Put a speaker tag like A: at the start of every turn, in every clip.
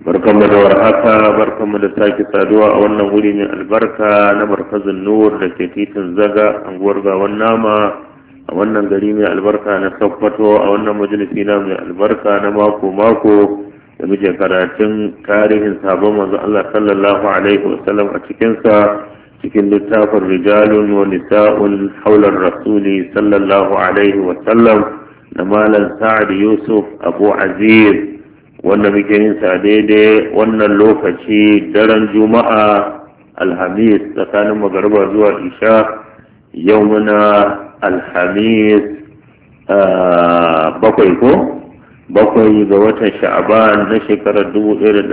A: barkanmu da warhaka barkanmu da sake saduwa a wannan wuri mai albarka na markazin nur da ke titin zaga anguwar gawan nama a wannan gari mai albarka na sokoto a wannan majalisi na mai albarka na mako mako da muke karatun tarihin sabon manzo Allah sallallahu alaihi wasallam a cikinsa cikin littafin rijalun wa nisa'un haular rasuli sallallahu alaihi wasallam na malam sa'ad yusuf abu aziz wanda muke yin sa daidai wannan lokaci daren juma'a alhamis tsakanin magariba zuwa isha yau muna alhamis bakwai ko bakwai ga watan sha'aban na shekarar 1443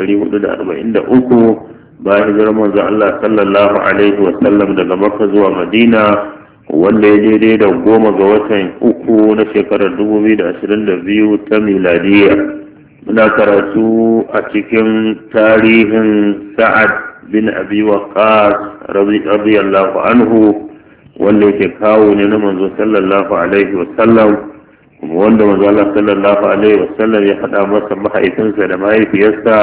A: bayan hijirar manzo Allah sallallahu alaihi wasallam daga makka zuwa madina wanda ya daidai da goma ga watan uku na shekarar 2022 ta miladiyya muna karatu a cikin tarihin sa'ad bin abi waqas radiyallahu anhu wanda yake kawo ne na manzo sallallahu alaihi wa sallam wanda manzo Allah sallallahu alaihi wa sallam ya faɗa masa mahaifinsa da mahaifiyarsa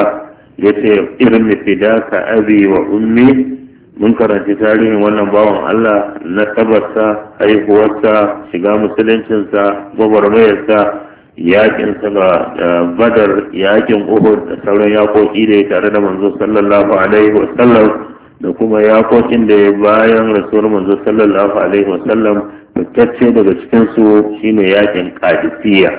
A: yace ce irin fidaka abi wa ummi mun karanci tarihin wannan bawan Allah na tabarsa haihuwarsa shiga musuluncinsa gwagwarmayarsa yakin da badar yakin uhud da sauran yakoki da ya tare da manzo sallallahu alaihi wasallam da kuma yakokin da ya bayan rasuwar manzo sallallahu alaihi wasallam sallam fitacce daga cikinsu su shine yakin qadisiyya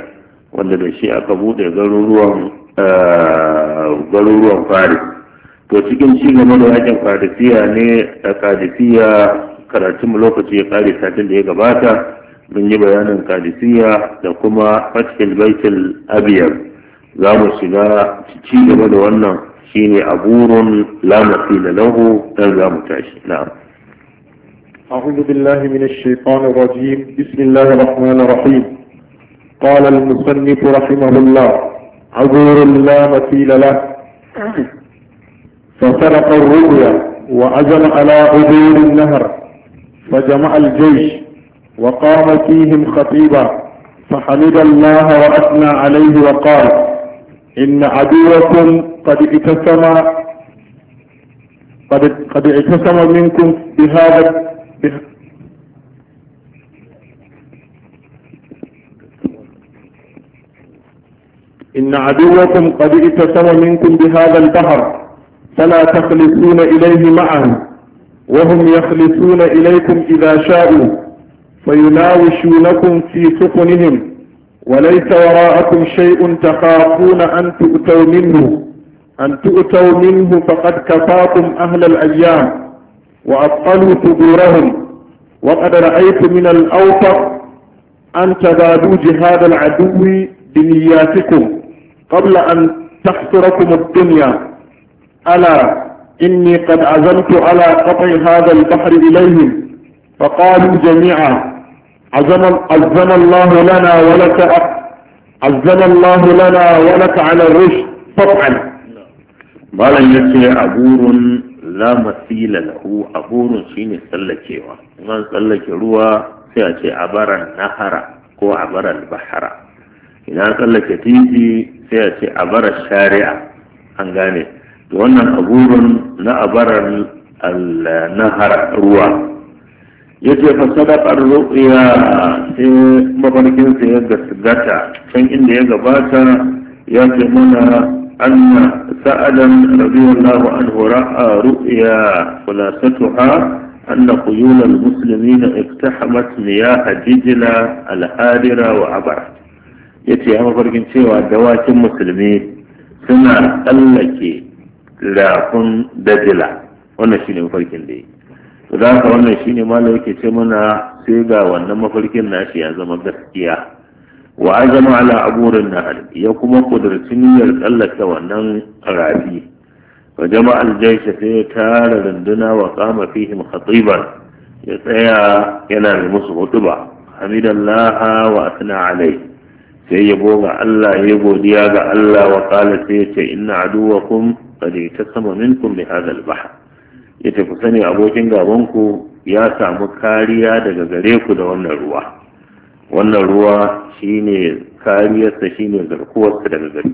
A: wanda da shi aka bude garuruwan eh, garuruwan faris to cikin ci gaba da yakin qadisiyya ne qadisiyya karatun lokaci ya kare satin da ya gabata من يبقى يعني القادسية لكما فتح البيت الأبيض زام الشجاعة تشيني بدو أن شيني أبور لا مثيل له تلقى متعش نعم
B: أعوذ بالله من الشيطان الرجيم بسم الله الرحمن الرحيم قال المصنف رحمه الله عبور لا مثيل له فسرق الرؤيا وعزم على عبور النهر فجمع الجيش وقام فيهم خطيبا فحمد الله وأثنى عليه وقال إن عدوكم قد اتسم قد قد اتسم منكم بهذا إن عدوكم قد اتسم منكم بهذا البحر فلا تخلصون إليه معا وهم يخلصون إليكم إذا شاءوا فيناوشونكم في سخنهم وليس وراءكم شيء تخافون أن تؤتوا منه أن تؤتوا منه فقد كفاكم أهل الأيام وأبطلوا صدورهم وقد رأيت من الأوفق أن تبادوا جهاد العدو بنياتكم قبل أن تحصركم الدنيا ألا إني قد عزمت على قطع هذا البحر إليهم فقالوا جميعا عزم عزم
A: الله لنا ولك عزم الله لنا ولك على الرشد طبعا malam ya ce a burin la masila shine tsallakewa man tsallake ruwa sai a ce abaran nahara ko abaran bahara idan tsallake titi sai a ce abarar shari'a an gane wannan a na abaran ruwa yace fa sadaqar ru'ya sai mafarkin sa ya gaskata can inda ya gabata ya ce mana anna sa'adan radiyallahu anhu ra'a ru'ya khulasatuha أن خيول المسلمين اقتحمت مياه دجلة الحاررة وعبرة يتي أما فرقين سوى دواك مسلمي سنة ألك لكن دجلة ونشيل فرقين دي da haka wannan shine malam yake ce mana sai ga wannan mafarkin nashi ya zama gaskiya wa zama ala aburin nahar ya kuma kudurci niyyar tsallaka wannan rafi wa jama'al jaisha sai ya tara runduna wa kama fihim khatiban ya tsaya yana da musu hutuba Laha, wa asna alai sai ya goga Allah ya godiya ga Allah wa qala sai ya ce inna aduwakum qad yatasama minkum bi hadha al-bahr ya ku sani abokin gabanku ya samu kariya daga gare ku da wannan ruwa wannan ruwa ne kariyarsa shine zarkuwarsa daga gare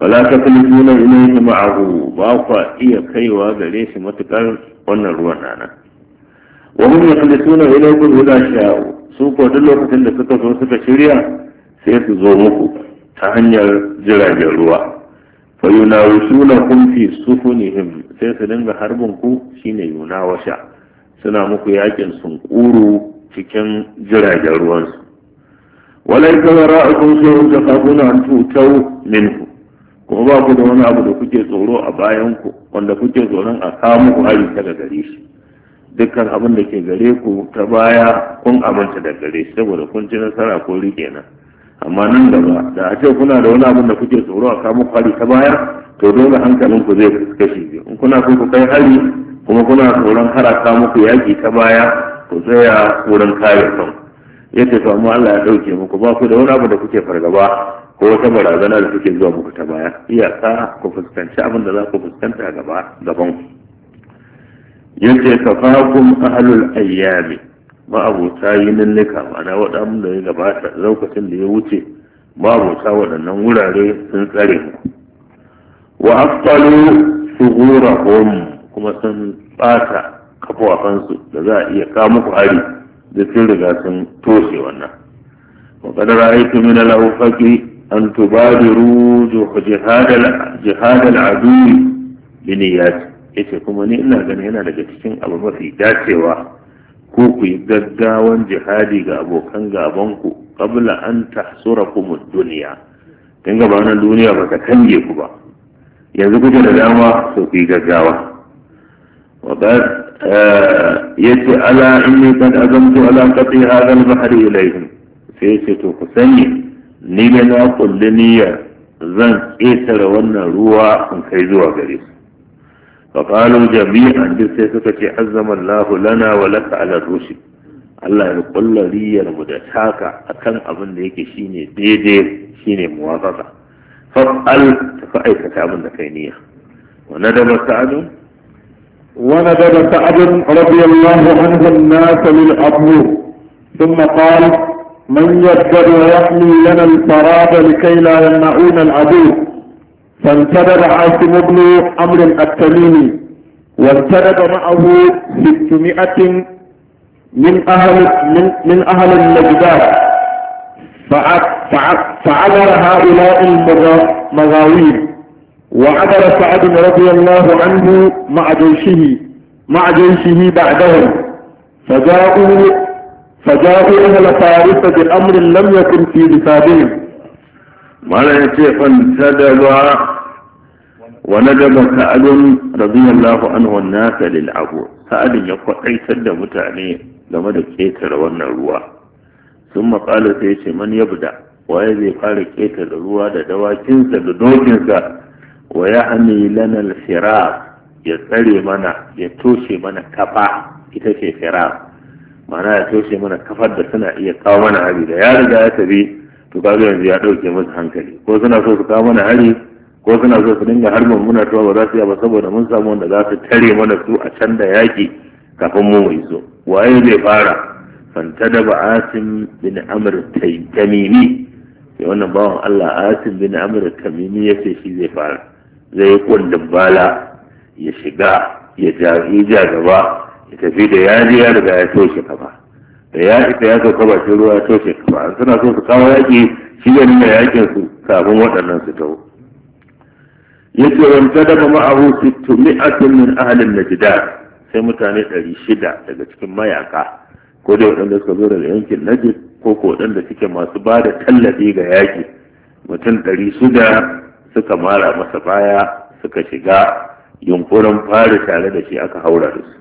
A: wala ta fi nuna ilayhi ma'ahu ba kwa iya kaiwa gare shi matukar wannan ruwan nana wa hum yaqlisuna ilayhi idza sha'u su ko duk lokacin da suka zo suka shirya sai su zo muku ta hanyar jiragen ruwa
B: wa yunawisunahum
A: fi sufunihim sai su dinga harbin ku shine yuna washa suna muku yakin sunkuru cikin jiragen ruwansu walai kaza ra'akum sirrun takabuna an tutau minku kuma ba ku da wani abu da kuke tsoro a bayan wanda kuke tsoron a samu ku hari daga gare shi dukkan abin da ke gare ku ta baya kun abinta da gare shi saboda kun ci nasara ko rike nan amma nan gaba da a ce kuna da wani abin da kuke tsoro a samu kwari ta baya to dole hankalin ku zai kashe in kuna so ku kai hari kuma kuna tsoron haraka muku yaki ta baya ku tsaya wurin kare kan ya ce amma Allah ya ɗauke muku ba ku da wani abu da kuke fargaba ko wata barazana da kuke zuwa muku ta baya iyaka ku fuskanci abin da za ku fuskanta gaba gaban ku yace tafakum ahlul ayyami ma'abota yi nika ma'ana waɗanda ya gabata lokacin da ya wuce ma'abota waɗannan wurare sun tsare mu wa aftalu sugurahum kuma sun ɓata kafafansu da za a iya kawo muku hari da sun riga sun toshe wannan wa qad ra'aytu min al an tubadiru jihad adu bi niyyati yace kuma ni ina gani yana daga cikin abu mafi dacewa ko ku yi gaggawan jihadi ga abokan gabanku kabla an tahsura kuma duniya don gaba wannan duniya ba ta kange ku ba yanzu kuke da dama to ku yi gaggawa eh, ya ce ala ne kan azamtu ala kafi hadal bahri ilayhim sai ce to ku sani ni ne na kulli niyyar zan ƙetare wannan ruwa in kai zuwa gare su فقالوا جميعا جلسي سكتي عزم الله لنا ولك على الرشد الله يقول لي أنا المدشاكا أكن أظن ليك شيني ديدير شيني موافقة فقال فأيك تعمل نفينية وندم سعد
B: وندم سعد رضي الله عنه الناس للأبو ثم قال من يقدر ويحمي لنا الفراغ لكي لا يمنعون العدو فانتدب عاصم بن أمر التميمي وانتدب معه 600 من أهل من, من أهل النجدات فعبر هؤلاء المغاوير وعبر سعد رضي الله عنه مع جيشه مع جيشه بعدهم فجاءوا فجاءوا أهل فارس بأمر لم يكن في لسانهم. ما لا يتيقن سدل
A: wanadabaka adon radiyallahu anhu nasa lil abu sa'adin ya kwaɗaitar da mutane game da ƙetare wannan ruwa sun maƙala sai ya ce man waye zai fara ƙetare ruwa da dawakinsa da dokinsa wa ya hannu lanar fira ya tsare mana ya toshe mana kafa ita ce fira ya toshe mana kafar da suna iya kawo mana hari da ya riga ya tafi, to kaga yanzu ya ɗauke musu hankali ko suna so su kawo mana hari ko suna so su dinga har muna tuwa ba za su yi ba saboda mun samu wanda za su tare mana su a can da yaƙi kafin mu mai so waye zai fara da ba asim bin amr tamimi sai wannan bawan Allah asim bin amr tamimi ya ce shi zai fara zai yi kundin bala ya shiga ya ja gaba ya tafi da ji ya riga ya toshe kafa da ya ita ya sauka shi ruwa ya toshe kafa suna so su kawo yaƙi shi ne yaƙin su kafin waɗannan su taho yake wanta da ma'ahu sittumi'atun min na najda sai mutane ɗari shida daga cikin mayaka ko dai waɗanda suka zo daga yankin najd ko ko waɗanda suke masu ba da tallafi ga yaki, mutum ɗari shida suka mara masa baya suka shiga yunkurin fara tare da shi aka haura da su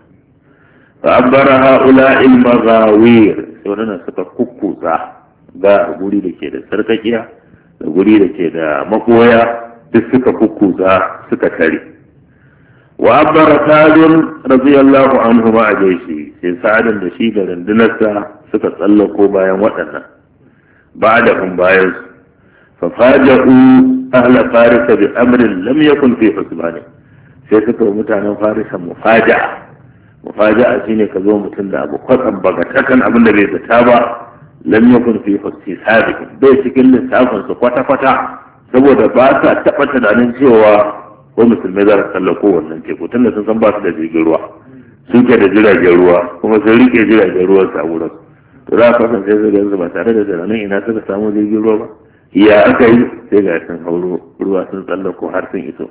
A: fa'abbara ha'ula ilmazawir sai waɗannan suka kukkuza, ga guri da ke da sarkakiya da guri da ke da makoya duk suka kukuza suka tare wa abba rasadun radiyallahu anhu ma a jaishi sai sa'adun da shi da rundunarsa suka tsallako bayan waɗannan ba da hun bayan su fafaja'u ahla farisa bi amrin lam yakun fi husbani sai suka wa mutanen farisa mufaja'a mufaja'a shine ka zo mutum da abu kwatsam bagatakan abin da bai zata ba lam yakun fi hisabi bai cikin lissafin su kwata-kwata saboda ba sa taɓa tunanin cewa ko musulmai za su tsallako wannan teku tunda sun san ba su da jirgin ruwa sun ke da jiragen ruwa kuma sun rike jiragen ruwan a wurin to za a kasance su gansu ba tare da tunanin ina suka samu jirgin ruwa ba
B: ya aka yi
A: sai ga sun hauro ruwa sun tsallako har sun iso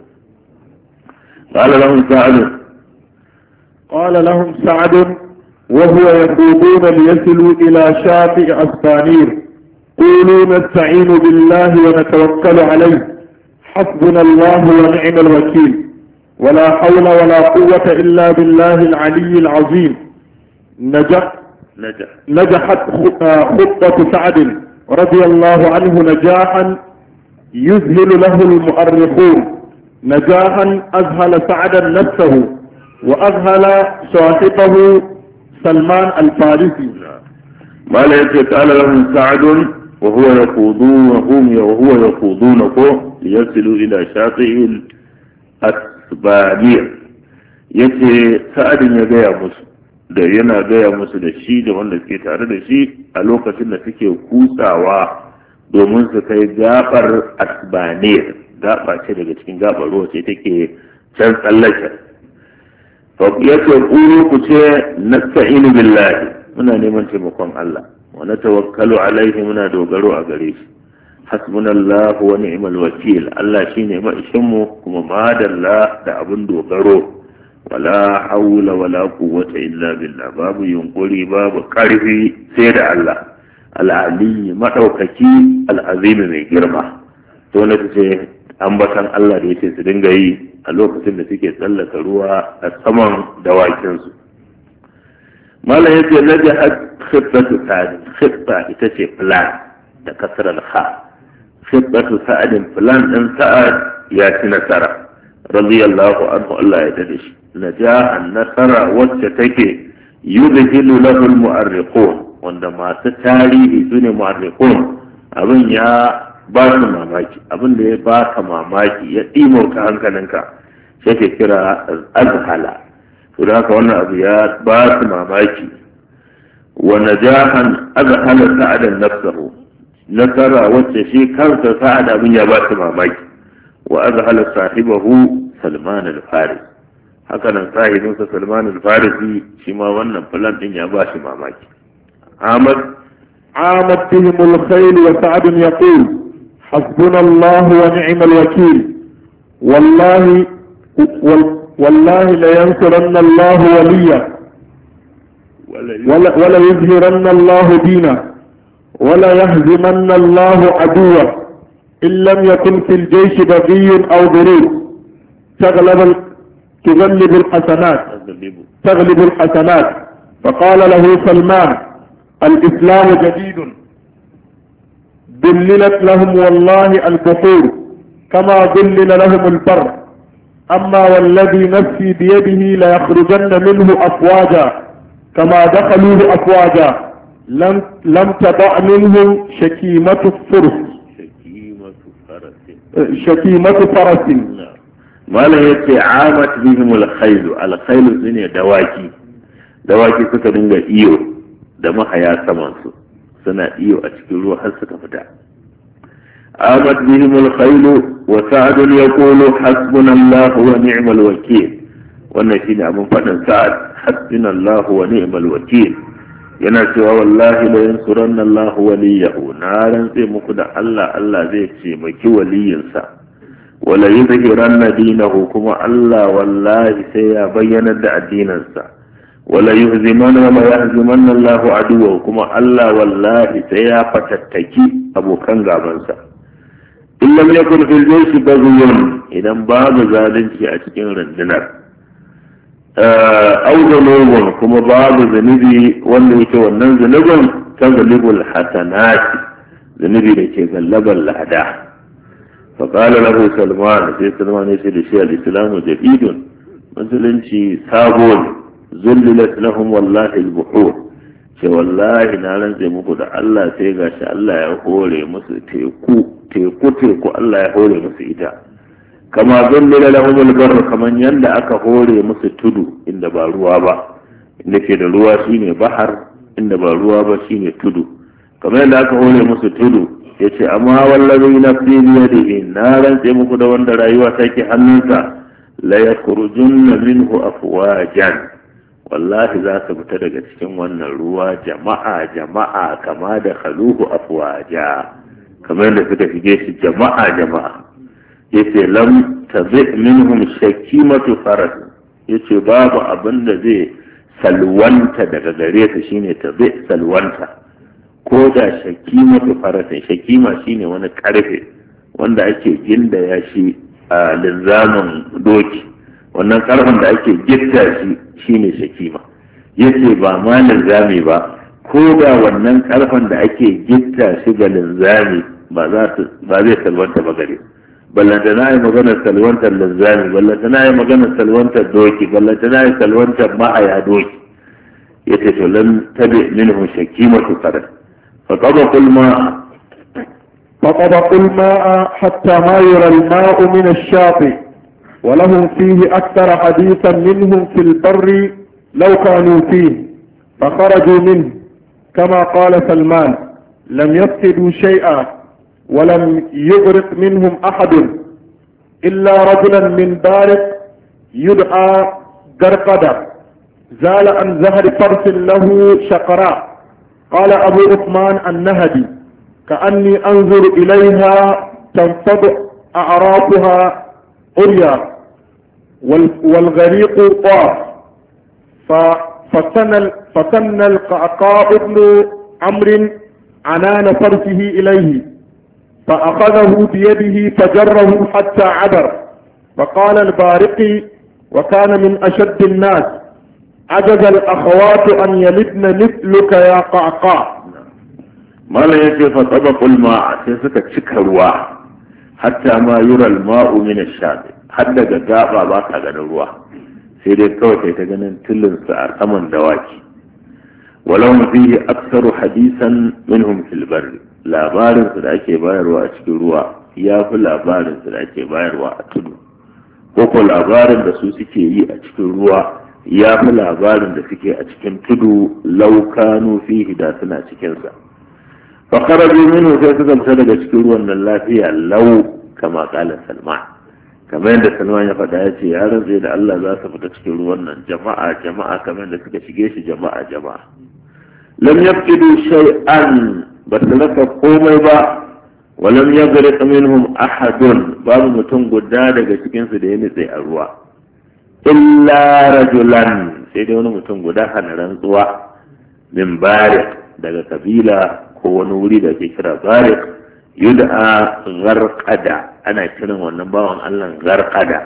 A: قال لهم سعد
B: قال لهم سعد وهو يخوضون ليصلوا إلى شاطئ أسبانير قولوا نستعين بالله ونتوكل عليه حسبنا الله ونعم الوكيل ولا حول ولا قوة إلا بالله العلي العظيم نجح نجحت آه، خطة سعد رضي الله عنه نجاحا يذهل له المؤرخون نجاحا أذهل سعدا نفسه وأذهل
A: صاحبه سلمان الفارسي ما لا يتعالى لهم سعد وهو يخوضون هم وهو يخوضون ليصلوا إلى شاطئ الأسبانية yace sa'adin ya gaya musu da yana gaya musu da shi da wanda ke tare da shi a lokacin da suke kusawa domin su kai gabar asbanir gaba ce daga cikin gabar ruwa ce take can tsallake ya ce ku ce nasta'inu billahi muna neman taimakon Allah wa natawakkalu alaihi muna dogaro a gare shi hasbunallahu wa ni'mal wakil Allah shine ma'ishin mu kuma madalla da abin dogaro wala hawla wala quwwata illa billah babu yunkuri babu karfi sai da Allah al'ali madaukaki al'azimi mai girma to na ce ambatan Allah da yake su dinga yi a lokacin da suke tsallaka ruwa a saman dawakinsu malam yace naja khibbatu sa'ad khibba ita ce plan da kasral kha khibbatu sa'ad plan ɗin sa'ad ya ci nasara radiyallahu anhu Allah ya dade shi naja an nasara wacce take yudhilu lahu almu'arriqun mu'arriqun wanda masu tarihi sune mu'arriqun abin ya ba su mamaki abin da ya ba ka mamaki ya ka, hankalinka sai ke kira azhala to da haka wannan abu ya ba su mamaki wa najahan azhala sa'adan nafsahu nasara wacce shi kansa sa'ad abin ya ba su mamaki wa azhala sahibahu salman al-faris haka nan sahibinsa salman al-farisi shi ma wannan filan din ya ba shi mamaki ahmad عامت بهم
B: الخيل وسعد يقول حسبنا الله ونعم الوكيل والله وال والله لينصرن الله وليا ولا يظهرن الله دينا ولا يهزمن الله عدوا إن لم يكن في الجيش بغي أو ضرور تغلب تغلب الحسنات تغلب الحسنات فقال له سلمان الإسلام جديد ذللت لهم والله البحور كما ذلل لهم البر أما والذي da بيده ليخرجن منه أفواجا كما دخلوه أفواجا لم, لم تضع منهم شكيمة الفرس شكيمة
A: فرس شكيمة فرس malam ya ce amat bihim alkhailu alkhailu su ne dawaki dawaki suka dinga iyo da mahaya saman su suna iyo a cikin ruwa har suka fita عامت بهم الخيل وسعد يقول حسبنا الله ونعم الوكيل wannan shine abin faɗin sa'ad hasbina Allah wa ni'mal wakil yana cewa wallahi la yansuranna Allah waliyahu na rantse muku da Allah Allah zai ce maki waliyinsa wala yuzhiranna dinahu kuma Allah wallahi sai ya bayyana da addinansa wala yuhzimanna ma yahzimanna Allah aduwahu kuma Allah wallahi sai ya fatattaki abokan gabansa in lam yakun fil jayshi baghiyun idan babu zalunci a cikin rundunar au zanubun kuma babu zanubi wanda yake wannan zanubin ta zalibul hasanati zanubi da ke gallabar lada فقال له سلمان في سلمان يسير الشيء الإسلام جديد musulunci sabo ne zullilat lahum wallahi al-buhur ce wallahi na rantse muku da Allah sai ga shi Allah ya hore musu teku teku teku Allah ya hore musu ita kama da lahumul bar kaman yanda aka hore musu tudu inda ba ruwa ba inda ke da ruwa shine bahar inda ba ruwa ba shine tudu kamar yadda aka hore musu tudu yace amma wallahi nafsi bi yi na rantse muku da wanda rayuwa take hannunsa la yakhrujunna minhu afwajan wallahi za ka fita daga cikin wannan ruwa jama'a jama'a kama da khaluhu afwaja kamar da suka shige shi jama'a jama'a yace lam tabi minhum shakimatu farad yace babu abin da zai salwanta daga gare ta shine tabi salwanta ko da shakimatu farad shakima shine wani karfe wanda ake ginda shi a linzamin doki wannan karfin da ake gitta shi shi ne shakima yake ba ma linzami ba ko da wannan karfin da ake gitta shi ga linzami ba zai salwanta ba gare ballanta na yi maganar salwantar linzami ballanta na yi maganar salwantar doki ballanta na yi salwantar ma'aya doki yace to lan tabi minhu shakimatu qadar fa qada kul ma
B: فطبقوا الماء حتى ما يرى الماء من الشاطئ ولهم فيه أكثر حديثا منهم في البر لو كانوا فيه فخرجوا منه كما قال سلمان لم يفقدوا شيئا ولم يغرق منهم أحد إلا رجلا من بارق يدعى قرقدة زال عن زهر فرس له شقراء قال أبو عثمان النهدي كأني أنظر إليها تنفض أعرافها قرية والغريق طاف فسن فسن القعقاع بن عمرو عنان فرسه إليه فأخذه بيده فجره حتى عبر فقال البارقي وكان من أشد الناس عجز الأخوات أن يلدن مثلك يا قعقاع
A: ما لا يجي فطبق الماء سيسكت شكر واحد hatta ma yural ma'u min ash-shabi har daga gaba ba ka ganin ruwa sai dai kawai kai ta ganin tilin sa a saman dawaki walau fihi aktsaru hadisan minhum fil barri labarin su da ake bayarwa a cikin ruwa ya fi labarin su da ake bayarwa a tudu ko ko labarin da su suke yi a cikin ruwa ya fi labarin da suke a cikin tudu laukanu fihi da suna cikinsa fa minu sai suka fita daga cikin ruwan nan lafiya lau kama kala salman kamar yadda salman ya faɗa ya ce ya rantse da Allah za su fita cikin ruwan nan jama'a jama'a kamar yadda suka shige shi jama'a jama'a lam shai an ba su rasa komai ba walam ya gari minhum ahadun babu mutum guda daga cikinsu da ya nutse a ruwa illa rajulan sai dai wani mutum guda hana rantsuwa min barik daga kabila ko wani wuri da ake kira barik yud'a garkada ana kiran wannan bawan Allah garkada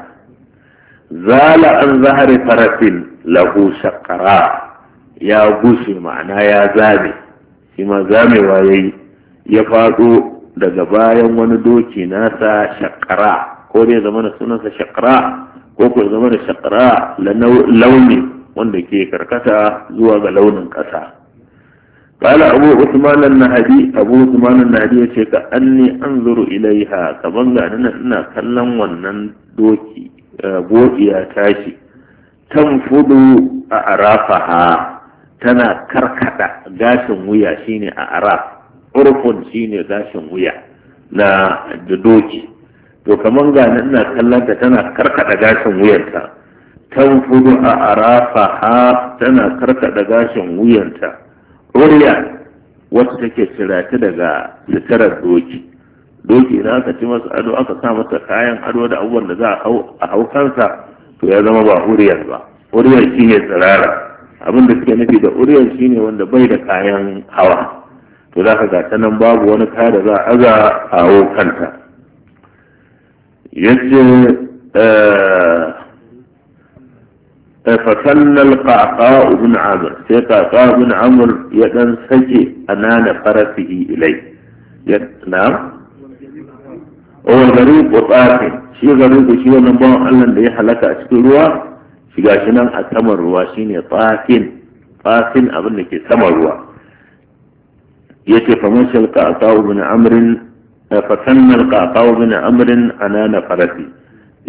A: zala an zahari farafin lahu shakara ya gushe ma'ana ya zame shi ma zamewa yayi ya faɗo daga bayan wani doki nasa shakara ko ne zama sunansa shakara ko ko zama da shakara launi wanda ke karkata zuwa ga launin ƙasa قال أبو عثمان النهدي أبو عثمان النهدي يشيك أني أنظر إليها كمان أنا أنا كلم ونن دوكي بوكي تاشي تنفض أعرافها تنا كركتا wuya ويا شيني أعراف عرف شيني gashin ويا na doki to kaman ga nan ina kallon ta tana karkada gashin wuyanta fudu a arafa ha tana karkada gashin wuyanta ƙuriya wacce take cirata daga sitarar doki doki idan aka ci masa ado aka sa masa kayan ado da abubuwan da za a hau to ya zama ba uriyar ba uriyar shi ne tsirara abin da suke nufi da uriyar shi ne wanda bai da kayan hawa to za ka gata nan babu wani kaya da za a aza a haukanta kanta yace فسل القعقاع بن عامر سي قعقاع بن عامر ya dan sake anana farafihi ilai ya na wal oh, garu ko tsafi shi gariq shi wannan bawan Allah da ya halaka a cikin ruwa shi gashi nan a saman ruwa shine tsafin tsafin abin da ke saman ruwa yake faman shalqa ata'u bin amrin eh, fa sanna ata'u bin amrin anana farafi.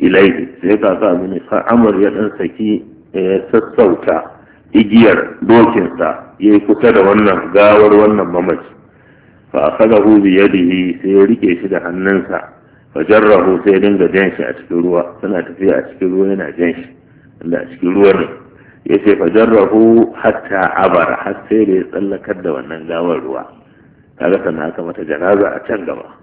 A: ilai sai ka sa bin amr ya dan saki eh, sassauta igiyar dokinsa ya yi kusa da wannan gawar wannan mamaci fa akhadahu bi yadihi sai ya rike shi da hannunsa fa jarrahu sai dinga jan shi a cikin ruwa suna tafiya a cikin ruwa yana jan shi inda a cikin ruwa ne ya ce fa jarrahu hatta abara har sai da ya tsallakar da wannan gawar ruwa kaga sana haka mata janaza a can gaba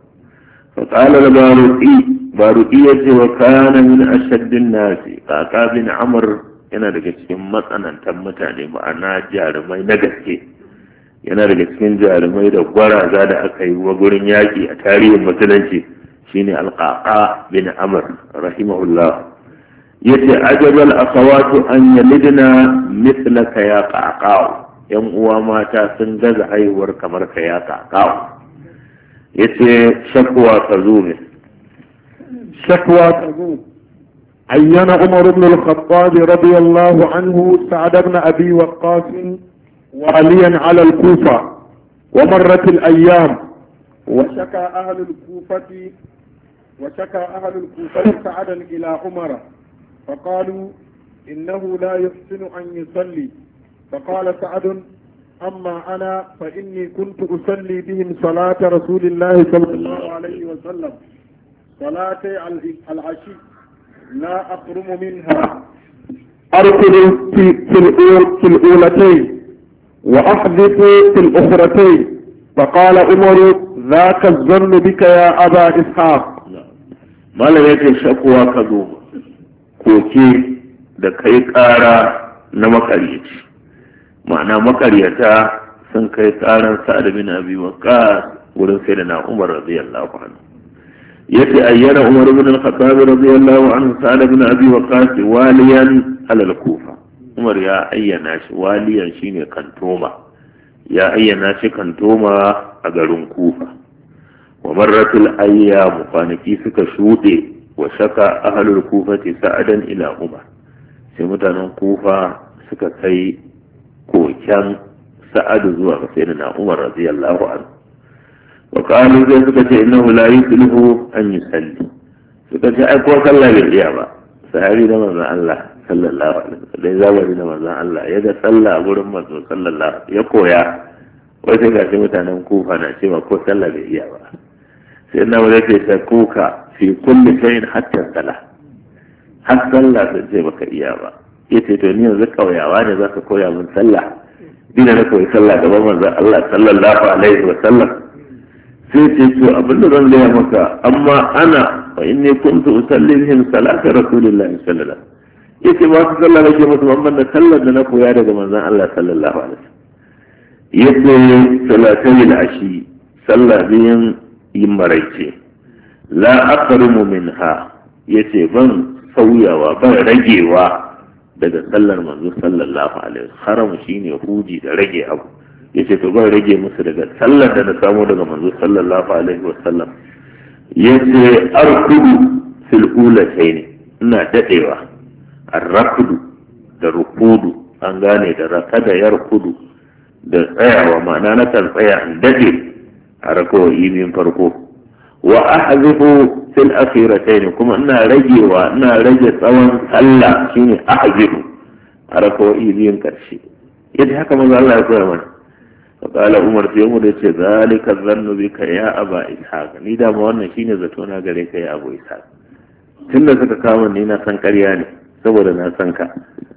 A: fa qala al baruqi baruqi ya wa kana min ashaddin nasi qaqa bin amr yana daga cikin matsanantan mutane ma'ana jarumai na gaske yana daga cikin jarumai da gwaraza da aka yi wa gurin yaƙi a tarihin musulunci shine alƙaƙa bin amr rahimahullah
B: yace ajabal
A: akhawatu an yalidna mithlaka ya qaqao yan uwa mata sun gaza haihuwar kamar ka ya ya ce shakwa tazumi
B: shakwa zo. عين عمر بن الخطاب رضي الله عنه سعد بن أبي وقاص واليا على الكوفة ومرت الأيام وشكى أهل الكوفة وشكى أهل الكوفة سعدا إلى عمر فقالوا إنه لا يحسن أن يصلي فقال سعد أما أنا فإني كنت أصلي بهم صلاة رسول الله صلى الله عليه وسلم صلاة العشي لا أقرم منها أركض في في الأولتين وأحدث في ka فقال عمر ذاك الظن بك يا أبا إسحاق ما لا يكن شكوى كذوب
A: كوكي da kai ƙara na makaryaci ma'ana makaryata sun kai ƙaran sa'ad bin abi waqas wurin sai da na umar radiyallahu anhu
B: yace ayyana Umar ibn
A: al-Khattab radiyallahu anhu Sa'ad ibn Abi Waqqas waliyan ala kufa Umar ya ayyana shi waliyan shine kantoma ya ayyana kantoma a garin Kufa wa marratul ayyam kwanaki suka shuɗe wa shaka ahlul kufati sa'adan ila Umar sai mutanen Kufa suka kai koken sa'adu zuwa ga sayyidina Umar radiyallahu anhu wa qalu zai suka ce innahu la yuslihu an yusalli suka ce ai ko sallah bai iya ba sahabi da manzon Allah sallallahu alaihi wasallam dai zamani da manzon Allah ya sallah sallallahu ya koya wai sai ga mutanen kufa na cewa ko sallah bai iya ba sai na wani ce ta kuka fi kulli shayin hatta sallah har sallah sai ce baka iya ba yace to ni yanzu kauyawa ne ka koya min sallah dina na koyi sallah gaban manzon Allah sallallahu alaihi wasallam sai ce to abin da zan gaya maka amma ana fa inni kuntu usalli bihim salata rasulillahi sallallahu alaihi yace ba su sallah nake musu amman da sallar da na koya daga manzon Allah sallallahu alaihi yace al ashi sallah biyan yin maraice la aqrimu minha yace ban sauyawa ban ragewa daga sallar manzo sallallahu alaihi wasallam haramu shine huji da rage abu ya to ban rage musu daga sallar da na samu daga manzo sallallahu alaihi wa sallam ya kudu arkudu fil ne ina dadewa arrakudu da rukudu an gane da rakada kudu da tsayawa ma'ana na kan tsaya in dade a rakawa min farko wa ahzifu fil akhiratayn kuma ina ragewa ina rage tsawon sallah shine ahzifu a rakawa biyun karshe yadda haka manzo Allah ya koyar mana faƙala umar sai mu da ce zalika zannu bika ya aba ishaq ni da ma wannan shine zato na gare ka ya abu ishaq tun da suka kama ni na san ƙarya ne saboda na san ka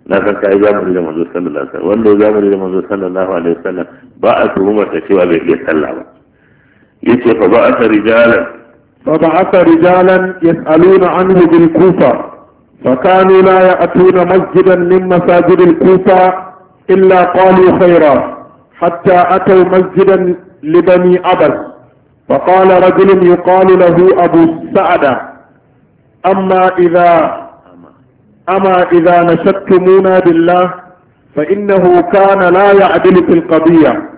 A: na san ka ya zamani da manzo sallallahu alaihi wasallam wanda ya zamani da manzo sallallahu alaihi wasallam ba a umar ta cewa bai iya sallah ba yace fa ba a rijalan
B: فبعث رجالا يسألون عنه بالكوفة فكانوا لا يأتون مسجدا من مساجد الكوفة إلا قالوا خيرا حتى أتوا مسجدا لبني أبل فقال رجل يقال له أبو سعدة أما إذا أما إذا نشدتمونا بالله فإنه كان لا يعدل في القضية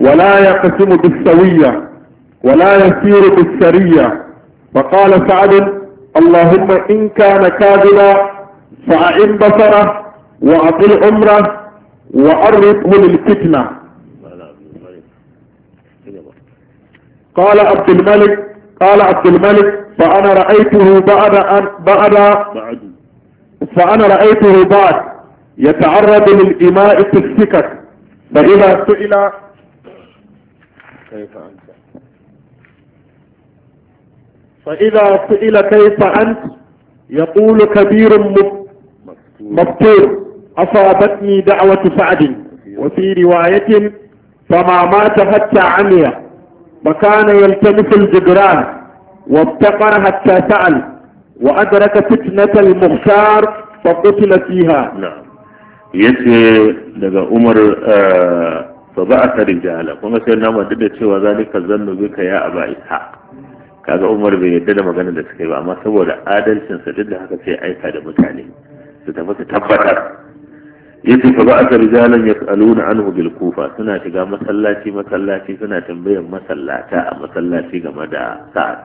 B: ولا يقسم بالسوية ولا يسير بالسرية فقال سعد اللهم إن كان كاذبا فأعن بصره وأطل عمره وأرقه للفتنة قال عبد الملك قال عبد الملك فأنا رأيته بعد أن بعد فأنا رأيته بعد يتعرض للإماء في السكك فإذا سئل كيف أنت فإذا سئل كيف أنت يقول كبير مبتور أصابتني دعوة سعد وفي رواية فما مات حتى عمي وكان يلتمس الجدران وابتقر حتى سأل وأدرك فتنة المختار فقتل فيها
A: yace daga umar fa ba aka rijala kuma sai na manta da cewa zalika zannu bika ya aba isa kaga umar bai yarda da maganar da suka yi ba amma saboda adalcin sa duk da haka sai aika da mutane su tafi su tabbatar yace fa ba aka rijalan yas'aluna anhu bil kufa suna shiga masallaci masallaci suna tambayan masallata a masallaci game da sa'ad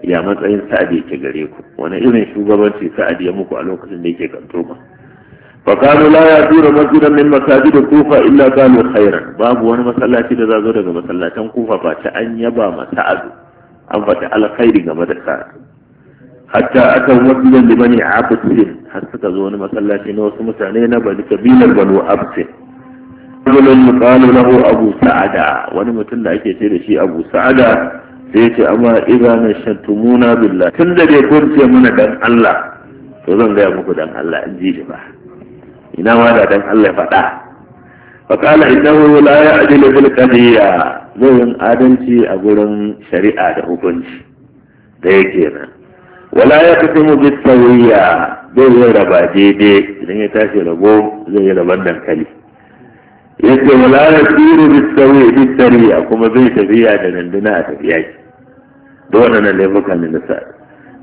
A: ya matsayin sa'ad yake gare ku wani irin shugabanci sa'ad ya muku a lokacin da yake kantoma fa kanu la yadura masjidan min masajid kufa illa kanu khairan babu wani masallaci da za zo daga masallatan kufa ba ta an yaba masa an fata alkhairi game da sa'ad hatta aka wajen da bani abdin har suka zo wani masallaci na wasu mutane na bani kabilar banu abdin rajulun yuqalu lahu abu sa'ada wani mutum da ake ce da shi abu sa'ada sai ce amma idan nashantumuna billah tun da bai kurce mana dan Allah to zan gaya muku dan Allah in ji shi ba ina ma da dan Allah faɗa fa qala innahu la ya'dilu bil qadiyya zai adalci a gurin shari'a da hukunci da yake nan wala ya kafin mu bit sauriya zai yi raba daidai idan ya tashi rabo zai yi raban dankali yadda wala ya tsiri bit kuma zai tafiya da dandana a tafiya shi da waɗannan laifuka ne na sa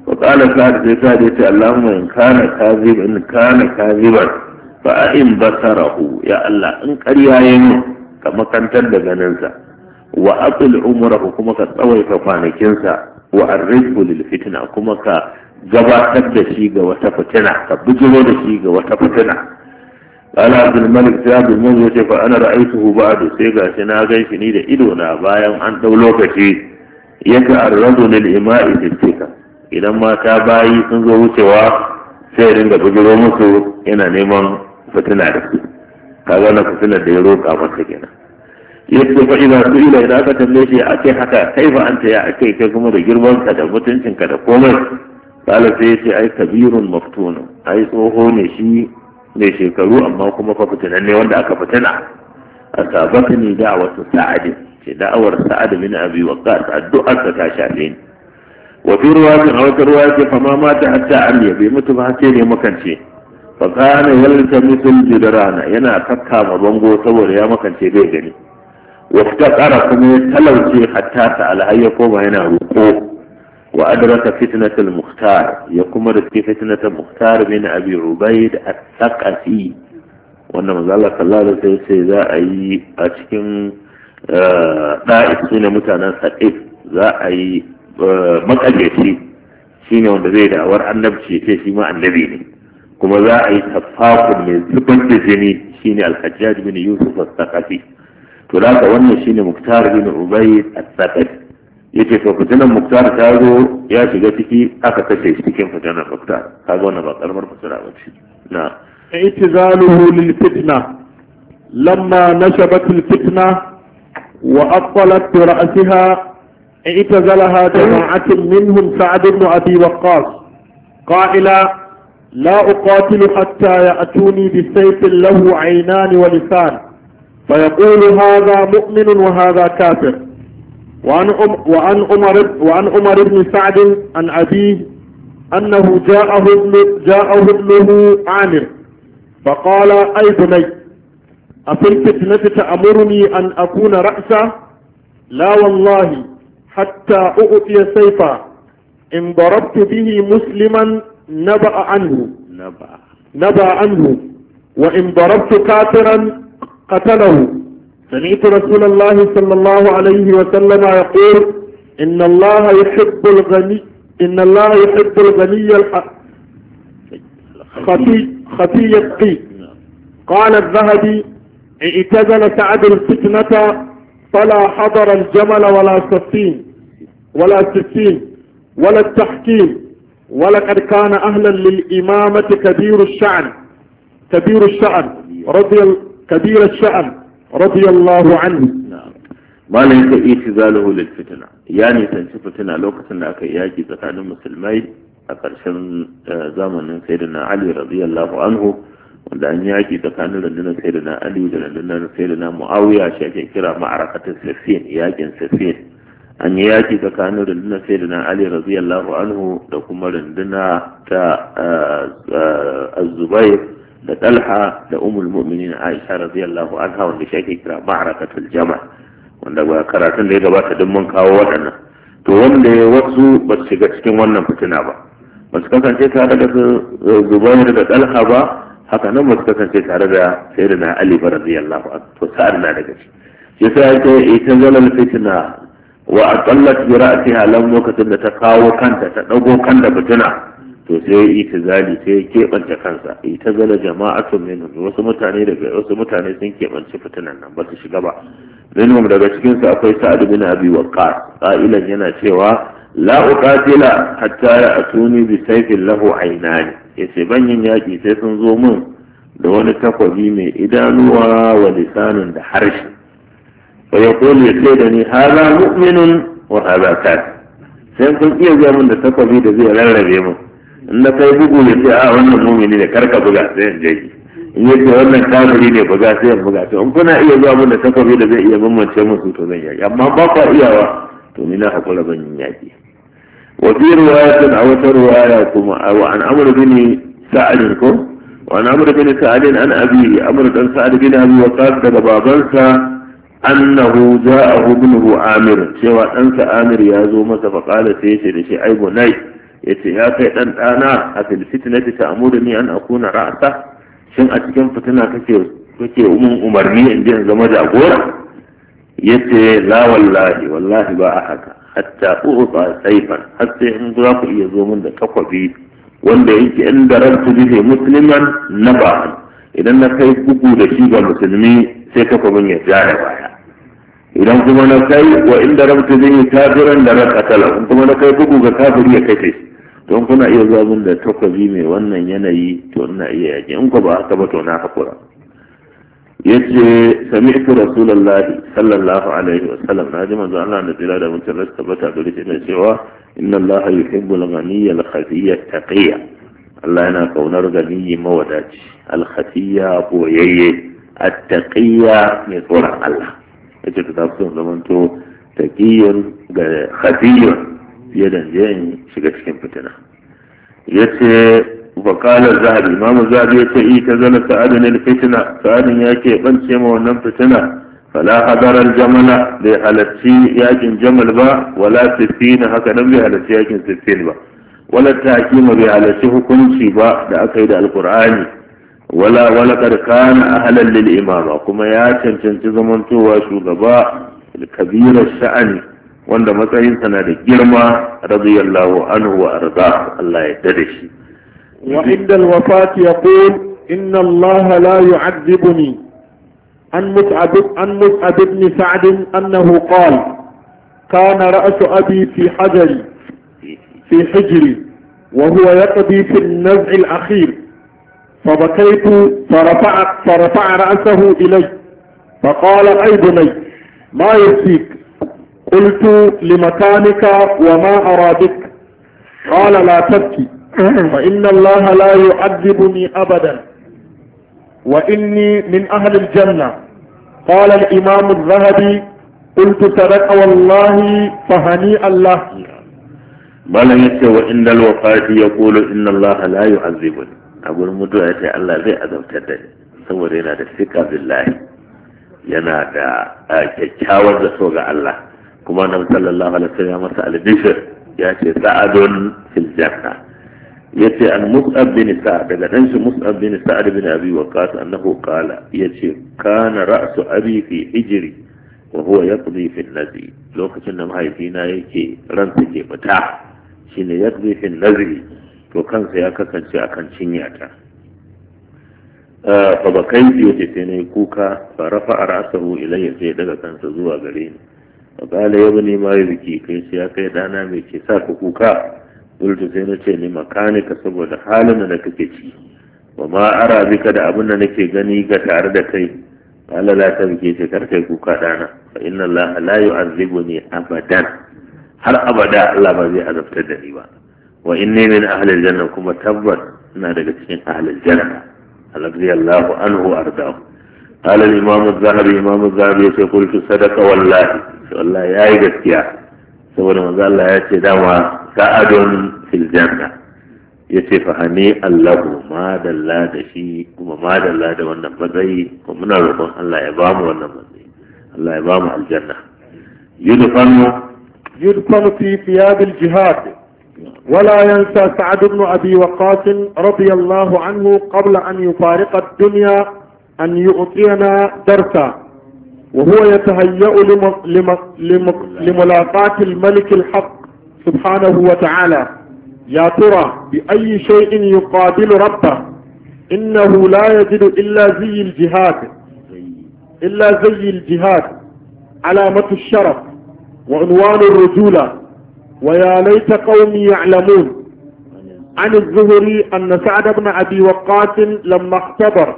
A: wa ƙala sa zai sa da yace allahumma in kana kaziban in kana kaziban fa in rahu ya allah in ƙarya ya yi ka makantar da ganinsa wa aqil ku kuma ka tsawaita kwanakinsa wa arrifu lil fitna kuma ka gabatar da shi ga wata fitina ka bijiro da shi ga wata fitina ala abdul malik ya bi mun yace fa ana ra'aytuhu ba'du sai ga shi na gaishi ni da ido na bayan an dau lokaci yaka arrajul lil ima'i tika idan mata bayi sun zo wucewa sai ringa bijiro musu yana neman fitina da su kaga na da ya roƙa masa kenan yace ba idan su ila idan aka tambaye shi ake haka kai ba anta ya ake kai kuma da girman ka da mutuncin ka da komai kala sai yace ai kabirun maftunu ai tsoho ne shi mai shekaru amma kuma fa fitinan ne wanda aka fitina asabatni da'watu sa'ad ce da'awar sa'ad min abi waqas addu'ar ta shafe ni wa fi ruwatin aw ruwatin fa ma mata hatta aliya bai mutu ba ce ne makance fa kana yaltamisul jidrana yana kakkama bango saboda ya makance bai gani وفتا قارا كمي تلوتي حتى على هيا قوة هنا رقو وأدرك فتنة المختار يقوم رسكي فتنة المختار من أبي عبيد الثقفي وانما قال الله صلى الله عليه وسلم ذا أي أشكم دائس سنة متانا سقف ذا أي مكاجتي شين يوند زيدا ورع النبشي تيشي ما النبيني كما ذا أي تفاقل من ثبت جني شين الحجاج بن يوسف الثقفي تلاقى وانا شيني مكتار بن عبيد الثقف يتي فقتنا مكتار كاغو يا سيجاتيكي اخا تشي سيكين فتنا مكتار كاغو انا بطر مر بسرعة وانشي نعم
B: اعتزاله للفتنة لما نشبت الفتنة وأطلت رأسها اعتزلها جماعة منهم سعد بن أبي وقاص قائلا لا أقاتل حتى يأتوني بسيف له عينان ولسان فيقول هذا مؤمن وهذا كافر وعن وعن عمر وعن عمر بن سعد عن أبيه أنه جاءه ابن جاءه ابنه عامر فقال أي بني أفي الفتنة تأمرني أن أكون رأسا لا والله حتى اعطي سيفا إن ضربت به مسلما نبأ عنه نبأ نبأ عنه وإن ضربت كافرا قتله سمعت رسول الله صلى الله عليه وسلم يقول إن الله يحب الغني إن الله يحب الغني الخفي خفي قال الذهبي اعتزل سعد الفتنة فلا حضر الجمل ولا سفين ولا سفين ولا التحكيم ولقد كان أهلا للإمامة كبير الشعر كبير الشعر رضي kabir sha'an
A: radiyallahu anhu malam ka itizalahu lil fitna ya nisanci fitina lokacin da aka yaki tsakanin musulmai a ƙarshen zamanin sayyidina ali anhu wanda an yaki tsakanin rundunar sayyidina ali da rundunar sayyidina muawiya shi ake kira ma'arakatar safin yakin safin an yi yaki tsakanin rundunar sayyidina ali radiyallahu anhu da kuma runduna ta azubair da talha da umul mu'minin aisha radiyallahu anha wanda shi ake kira ma'arakatul jama wanda ba karatun da ya gabata duk mun kawo waɗannan to wanda ya wasu ba su shiga cikin wannan fitina ba ba su kasance tare da eh, zubairu da ɗalha ba haka nan ba su kasance tare da sayyidina ali ba radiyallahu anhu to sa'ad na daga shi yasa yake ita zalal fitina wa aqallat bi ra'siha lam lokacin da ta kawo kanta ta dago kanta fitina to sai yi zali sai ya keɓanta kansa ita zala jama'atun minhum wasu mutane daga wasu mutane sun keɓance fitinan nan ba su shiga ba minhum daga cikin sa akwai sa'ad bin abi waqqas qailan yana cewa la uqatila hatta ya'tuni bi sayfin lahu aynani yace ban yin yaki sai sun zo min da wani takwabi mai idanuwa wa lisanin da harshe fa da ni hadha mu'minun wa hadha kafir sai sun iya zuwa min da takwabi da zai rarrabe min. in na kai bugu ne sai a wannan mumini ne karka buga sai in jaki in ce wannan kafiri ne buga sai in buga sai in kuna iya zuwa mun da takwabi da zai iya bambance musu to zan yaki amma ba ku iyawa to ni na hakura zan yaki wa fi riwayatin a wata riwaya kuma wa an amru bin sa'adin ko wa an amru bin sa'adin an abi amur dan sa'ad bin abi waqas daga babansa annahu ja'ahu ibnuhu amir cewa ɗansa amir ya zo masa faqala sai ya ce da shi ai bunai yace ya kai dan dana a ta fitnati ta'muruni an akuna ra'asa shin a cikin fitina kake kake umun umarni in je zama jagora yace la wallahi wallahi ba a haka hatta uqa sayfan har sai in za ku iya zo min da takwabi wanda yake in darantu bihi musliman nabahan idan na kai bugu da shi ga musulmi sai takwabin ya ja baya idan kuma na kai wa inda rabtu zai kafiran da raka talau kuma na kai bugu ga kafiri ya kai shi don kuna iya zuwa da takwabi mai wannan yanayi to ina iya yaki in ku ba haka ba to na haƙura yace sami'tu rasulullahi sallallahu alaihi wasallam na ji manzo Allah da tsira da mutum rasta bata da rike mai cewa inna Allah yuhibbu al-ghaniyya al-khafiyya taqiyya Allah yana kaunar ganiyi mawadaci al-khafiyya boyayye at-taqiyya mai tsoron Allah yace ta to taqiyyun ga khafiyun fiye da shiga cikin fitina ya ce wakalar zahabi imamu zahabi ya ce ita zana sa'adun il fitina sa'adun ya ke bance ma wannan fitina fala hadarar jamala bai halarci yakin jamal ba wala siffin haka nan bai halarci yakin siffin ba wala takima bai halarci hukunci ba da aka yi da alkur'ani wala wala karkana ahalan lil imama kuma ya cancanci zamantowa shugaba kabirar sha'ani wanda matsayinsa na da girma radiyallahu anhu wa arda Allah ya dade shi wa inda
B: alwafat yaqul inna Allah la yu'adhibuni an mut'ab an mut'ab ibn sa'd annahu qala كان رأس أبي في حجري في حجري وهو يقضي في النزع الأخير فبكيت فرفع, فرفع رأسه إلي فقال أي بني ما يبكيك قلت لمكانك وما أرادك قال لا تبكي فإن الله لا يعذبني أبدا وإني من أهل الجنة قال الإمام الذهبي قلت تبكى والله فهنيئا
A: ما لم يك وإن الوفاة يقول إن الله لا يعذبني أقول مدوعة الله زي أدب تدري سورينا الثقة بالله ينادى آه، كيكاوز سوق الله kuma na sallallahu alaihi wasallam ya masa albishir ya ce sa'adun fil janna ce an mus'ab bin sa'ad daga dan shi mus'ab bin sa'ad bin abi waqas annahu qala ce kana ra'su abi fi ijri wa huwa yaqdi fi nazi lokacin da mahaifina yake ransa ke fita shine yaqdi fi nazi to kansa ya kasance akan cinyata fa bakai yace sai nayi kuka fa rafa ra'sahu ilayya sai daga kansa zuwa gare ni faƙala ya bani ma biki kai sai ya kai ɗana mai ke sa ka kuka ultu sai na ce ni makanika saboda halin da kake ci wa ma ara bika da abin da nake gani ga tare da kai qala la tabki ce kar kai kuka ɗana fa inna allaha la yu'azzibuni abadan har abada Allah ba zai azabtar da ni ba wa inni min ahli aljanna kuma tabbas ina daga cikin ahli aljanna radiyallahu anhu ardahu قال الإمام الذهبي إمام الذهبي يقول في صدق والله والله يا يغسكيا سبحانه ما قال الله يأتي دعوة سعد في الجنة يأتي فهني الله ما دلا دشي وما ما دلا دوانا مدعي ومن الرقم الله يبام وانا مدعي الله يبام الجنة يدفن
B: يدفن في ثياب الجهاد ولا ينسى سعد بن أبي وقاص رضي الله عنه قبل أن يفارق الدنيا أن يعطينا درسا وهو يتهيأ لملاقاة الملك الحق سبحانه وتعالى يا ترى بأي شيء يقابل ربه إنه لا يجد إلا زي الجهاد إلا زي الجهاد علامة الشرف وعنوان الرجولة ويا ليت قومي يعلمون عن الزهري أن سعد بن أبي وقاص لما اختبر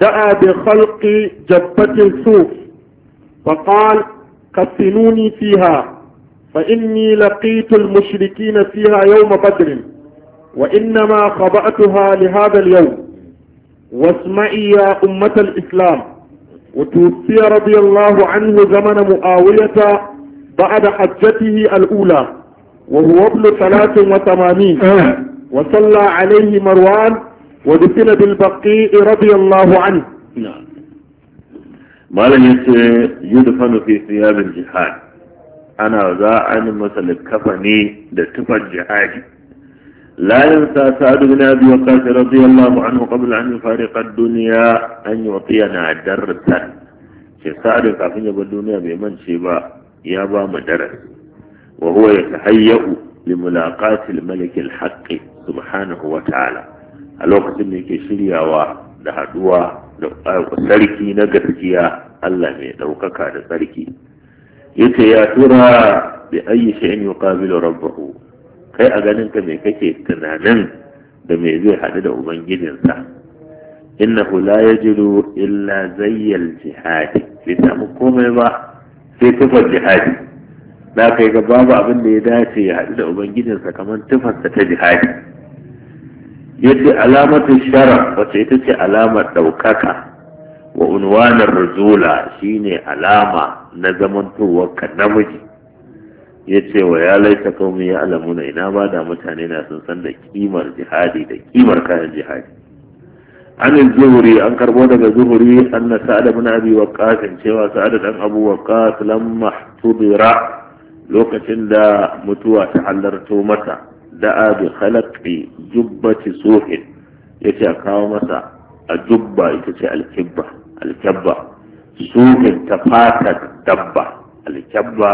B: دعا بخلق جبة الصوف فقال قتلوني فيها فإني لقيت المشركين فيها يوم بدر وإنما خضعتها لهذا اليوم واسمعي يا أمة الإسلام وتوفي رضي الله عنه زمن مؤاوية بعد حجته الأولى وهو ابن ثلاث وثمانين وصلى عليه مروان ودفن بالبقيء رضي الله عنه
A: نعم. malamin su yi dufanu fi siyabin jihad ana za a yi masa likafa da tufar jihadi layin sa sa dubna biyu kafin radiyallahu anhu qabla an yufari duniya an yi wata yana darasar ke sa da kafin duniya bai mance ba ya ba mu daras wa huwa ya li mulaqati al-malik al-haqq subhanahu wa ta'ala a lokacin da yake shiryawa da haduwa da sarki na gaskiya Allah mai ɗaukaka da tsarki
B: yace ya tura
A: bi ayi shay'in yuqabilu rabbahu kai a ganin ka me kake tunanin da me zai haɗu da ubangijinsa innahu ya yajidu illa zayyal jihadi bai samu komai ba sai tufar jihadi na kai ga babu abin da ya dace ya haɗu da ubangijinsa kamar tufarsa ta jihadi Yadda alamar shara wace ita ce alamar ɗaukaka wa unwanar rujula shine alama na zamantowar ka namiji yace wa ya laita kaumi ya alamuna ina ba da mutane na sun san da kimar jihadi da kimar kayan jihadi an عن daga zuhuri an الزهري أن muna abi أبي cewa سوى سعد بن أبو وقاص لما lokacin da mutuwa ta تحلرت mata da'a bi khalaqi jubbati suhin yace a kawo masa a jubba ita ce alkibba alkabba suhin ta fatar dabba alkabba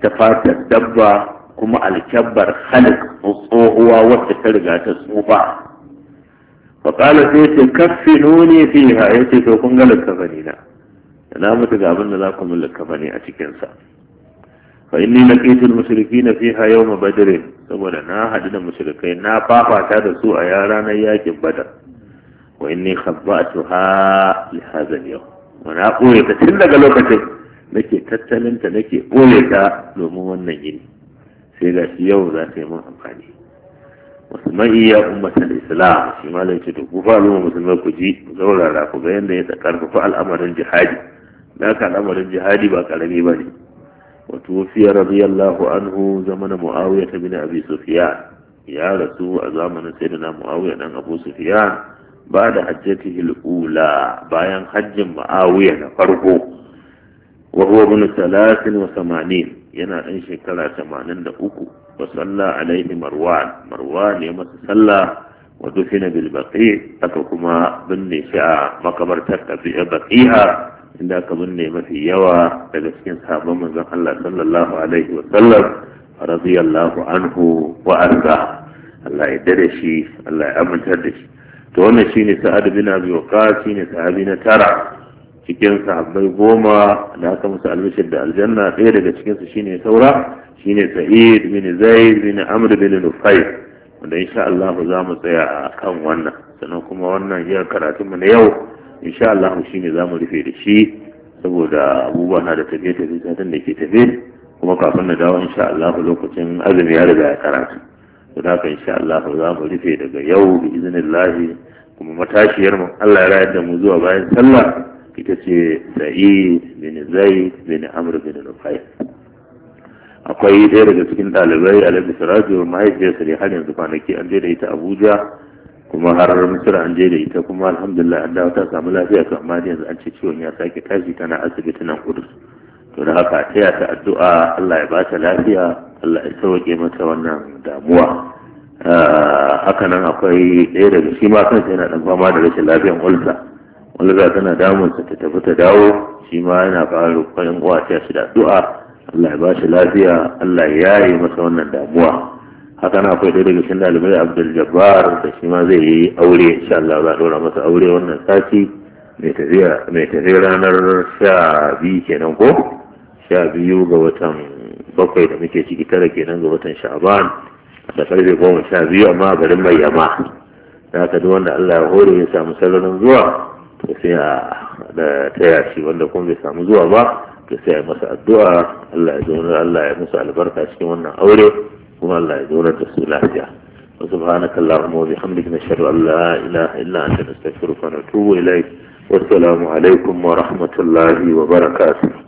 A: ta fatar dabba kuma alkabbar khaliq tsohuwa wacce ta riga ta tsufa fa qala sai ce kaffinuni fiha yace to kun ga lakabani na na mutu ga abin da za ku min lakabani a cikinsa. sa fa inni laqitul mushrikina fiha yawm badr saboda na hadu da mushrikai na fafata da su a ya ranar yakin badar wa inni khabbatuha li hadha al-yawm wa na ta tun daga lokacin nake tattalin ta nake koye ta domin wannan yini sai ga shi yau za ta yi mun amfani musulmai ya ummatar islam shi ma zai ce to ku faru musulmai ku ji ku zaurara ku ga yadda ya karfafa al'amarin jihadi da al'amarin jihadi ba karami ba ne وتوفي رضي الله عنه زمن معاوية بن أبي سفيان يا رسول زمن سيدنا معاوية بن أبو سفيان بعد حجته الأولى بيان حج معاوية فرقه وهو ابن ثلاث وثمانين ينا أن شكرا ثمانين دقوق وصلى عليه مروان مروان يمس صلى ودفن بالبقيع أتوكما بني شاء مقبرتك في بقيها inda aka binne mafi yawa daga cikin sabon manzon Allah sallallahu alaihi wa sallam radiyallahu anhu wa arda Allah ya dade shi Allah ya amintar da shi to wannan shine Sa'ad bin Abi Waqqas shine sahabi na tara cikin sahabbai goma da aka musu albishir da aljanna ɗaya daga cikinsu su shine saura shine Sa'id bin Zaid bin Amr bin Nufayl wanda insha Allah za mu tsaya a kan wannan sannan kuma wannan iya karatunmu na yau insha Allah shi ne zamu rufe da shi saboda abubuwa na da tafiye tafiye satin da ke tafiye kuma kafin na dawo insha Allah lokacin azumi ya riga ya karatu to da haka insha Allah za mu rufe daga yau bi iznillahi kuma matashiyar mu Allah ya rayar da mu zuwa bayan sallah ita ce Sa'id bin Zaid bin Amr bin Rufai akwai ɗaya daga cikin ɗalibai Alhaji Sirajo mahaifiyarsa ne har yanzu kwanaki an je da ita Abuja kuma har misira an je da ita kuma alhamdulillah an dawo ta samu lafiya to amma yanzu an ce ciwon ya sake tashi tana asibiti nan kudus to da haka taya ta addu'a Allah ya bata lafiya Allah ya sauke mata wannan damuwa ah, haka nan akwai ɗaya daga shi ma kansa yana dan fama da rashin lafiyar ulza ulza tana damunsa ta tafi ta dawo shi ma yana fara kwayan uwa ta shi da addu'a Allah ya bashi lafiya Allah ya yi masa wannan damuwa haka na akwai daga cikin dalibai abdul jabbar da shi ma zai yi aure insha Allah za a dora masa aure wannan sati mai tafiya ranar sha biyu kenan ko sha biyu ga watan bakwai da muke ciki tara kenan ga watan sha'ban da karfe goma sha biyu amma garin mai yama da aka duk wanda Allah ya hore ya samu sararin zuwa to sai a da taya shi wanda kuma bai samu zuwa ba to sai masa addu'a Allah ya zo Allah ya musu albarka cikin wannan aure kuma Allah ya zaura da su lafiya wa subhanaka allahumma wa bihamdika nashhadu an la ilaha alaikum wa rahmatullahi
B: wa barakatuh